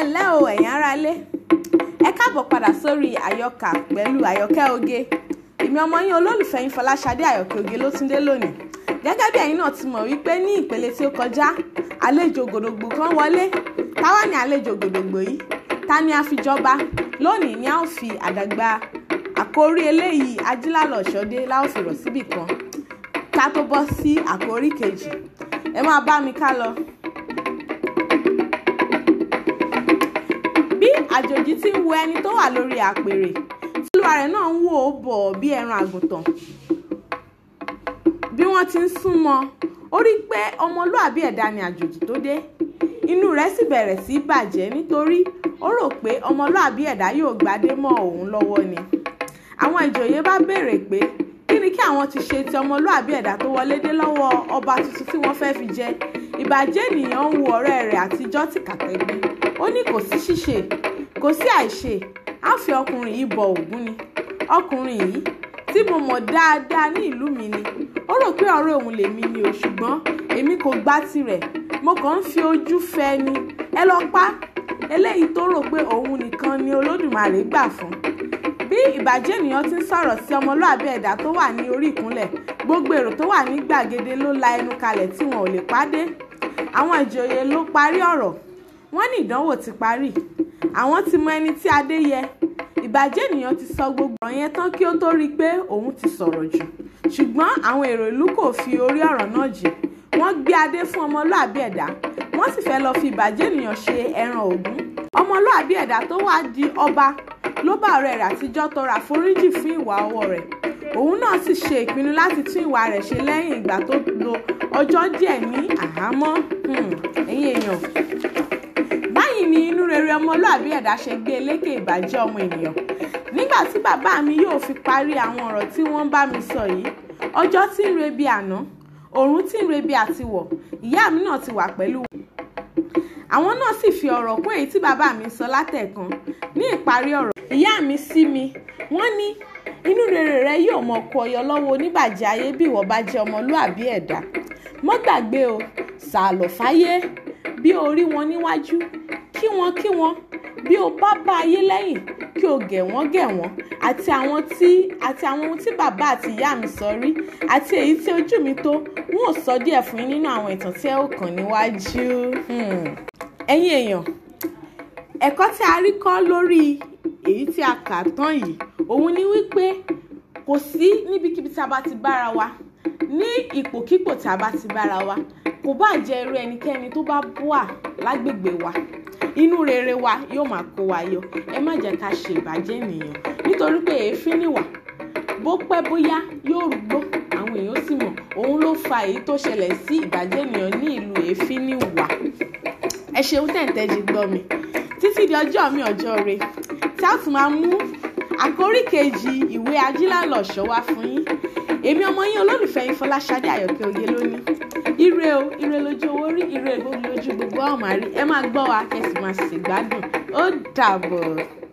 ẹnlẹ́ o ẹ̀yin aráalé ẹ káàbọ̀ padà sórí àyọkà pẹ̀lú àyọkẹ́ oge èmi ọmọ yín olólùfẹ́ yín fọláṣadé àyọkẹ́ oge ló tún dé lónìí gẹ́gẹ́ bí ẹ̀yin náà ti mọ̀ wípé ní ìpele tí ó kọjá àlejò gòdògbò kan wọlé táwa ni àlejò gòdògbò yìí ta ni a fi jọba lónìí ni a ó fi àdàgbà àkórí eléyìí ajílàlọ̀ ṣọdé la ó síbì kan ká tó bọ́ sí àkórí kejì ẹ máa bá mi ká lọ. àjòjì tí ń wo ẹni tó wà lórí àpèrè fúlùwà rẹ̀ náà ń wò ó bọ̀ bí ẹran àgùntàn bí wọ́n ti ń súnmọ́ ó rí pé ọmọlúàbí ẹ̀dá ni àjòjì tó dé inú rẹ̀ sì bẹ̀rẹ̀ sí bàjẹ́ nítorí ó rò pé ọmọlúàbí ẹ̀dá yóò gbadé mọ́ òun lọ́wọ́ ni àwọn ìjòyè bá béèrè pé kí ni kí àwọn ti ṣe ti ọmọlúàbí ẹ̀dá tó wọlé dé lọ́wọ́ ọba tuntun tí wọ́n fẹ́ fi jẹ ìbàjẹ́ ènìyàn ń wo ọ̀rẹ́ rẹ̀ àtijọ́ tìkàtẹ́gbẹ́ ó ní kò sí ṣíṣe kò sí àìṣe á fi ọkùnrin yìí bọ Ògún ni ọkùnrin yìí tí mo mọ̀ dáadáa ní ìlú mi ni ó rò pé ọ̀rọ̀ òun lèmi ni o ṣùgbọ́n èmi kò gbá tirẹ̀ mo kàn ń fi ojú fẹ́ ni ẹ lọ pa eléyìí tó rò pé òun nìkan ni Olódùmarè gbà fún bí ìbàjẹ́ ènìyàn ti ń sọ̀rọ̀ sí ọmọlúàbí ẹ̀dá tó wà ní orí ìkúnlẹ̀ gbogbo èrò tó wà ní gbàgede ló la ẹnu kalẹ̀ tí wọn ò lè pàdé àwọn ìjòyè ló parí ọ̀rọ̀ wọ́n ní ìdánwò ti parí àwọn ti mọ ẹni tí adé yẹ ìbàjẹ́ ènìyàn ti sọ gbogbo ọ̀rọ̀ yẹn tán kí ó tó rí i pé òun ti sọ̀rọ̀ jù ṣùgbọ́n àwọn èrò ìlú kò fi orí ọ̀rọ̀ náà jì wọ́n gbé adé fún ọmọlúàbí ẹ̀dá wọ́n sì fẹ́ lọ fi ìbàjẹ́ ènìyàn ṣe ẹran ògún ọmọlúàbí ẹ̀dá tó wá di ọba ló bá ọ̀rẹ́ rẹ̀ àtijọ́ tọrọ àforíjì fún ìwà ọwọ́ rẹ̀ òun náà sì ṣe ìpinnu láti tún ìwà rẹ̀ ṣe lẹ́yìn ìgbà tó lo ọjọ́ díẹ̀ ní àhámọ́ hmm, ẹ̀yìn èèyàn ọmọlúàbí ẹ̀dá ṣe gbé eléke ìbàjẹ́ ọmọ ènìyàn nígbà tí bàbá mi yóò fi parí àwọn ọ̀rọ̀ tí wọ́n bá mi sọ yìí ọjọ́ tí ń rebi àná òòrùn tí ń rebi àtiwọ̀ ìyá mi náà ti wà pẹ̀lú wọn àwọn náà sì fi ọ̀rọ̀ kún èyí tí bàbá mi sọ látẹ̀kan ní ìparí ọ̀rọ̀ ìyá mi sí mi wọ́n ní inú rere rẹ yóò mọ ọkọ ọyọ lọ́wọ́ oníbàjẹ́ ayé bí ìwọ bá jẹ́ ọmọlúàbí ẹ̀dá mọ́ gbàgbé o sàlọ̀ fáyé bí orí wọn níwájú kí wọn kí wọn bí o bá bá ayé lẹ́yìn kí o gẹ̀ wọ́n gẹ̀ wọ́n àti àwọn tí àti àwọn ohun tí bàbá àti ìyá mi sọ rí àti èyí tí ojú mi tó n ò sọ díẹ̀ fún yín nínú àwọn ìtàn tí ẹ ó kàn níwájú. Hmm. ẹ̀yin èèyàn ẹ̀kọ́ tí a rí kọ́ lórí èyí tí a kà tán yìí òun ni wípé kò sí níbikíbi tá a bá ti bára wa ní ipòkípò tá a bá ti bára wa kò bá jẹ́ irú ẹnikẹ́ni tó bá wà lágbègbè wa inú rere wa yóò máa kó wa yọ ẹ má jẹ́ ká ṣe ìbàjẹ́ ènìyàn nítorí pé èéfín nìwà bó pẹ́ bóyá yóò rúgbó àwọn èèyàn sì mọ̀ òun ló fa èyí tó ṣẹlẹ̀ sí ìbàjẹ́ ènìyàn ní ìlú èéfín nìwà ẹ ṣeun tẹ̀ǹtẹ̀ jí gbọ́ mi títí di ọjọ́ mi ọjọ́ re tí a tún máa mú àkórí kejì ìwé ajílálọ̀ṣọ́ wá fún yín èmi ọmọ yín olólùfẹ́ yín fọláṣadé àyọ̀kẹ́ òye lónìí ire o ire lójú owó rí ire lójú gbogbo àwọn àrí ẹ máa gbọ́ wa kẹ́sì máa ṣègbádùn ó dàbọ̀.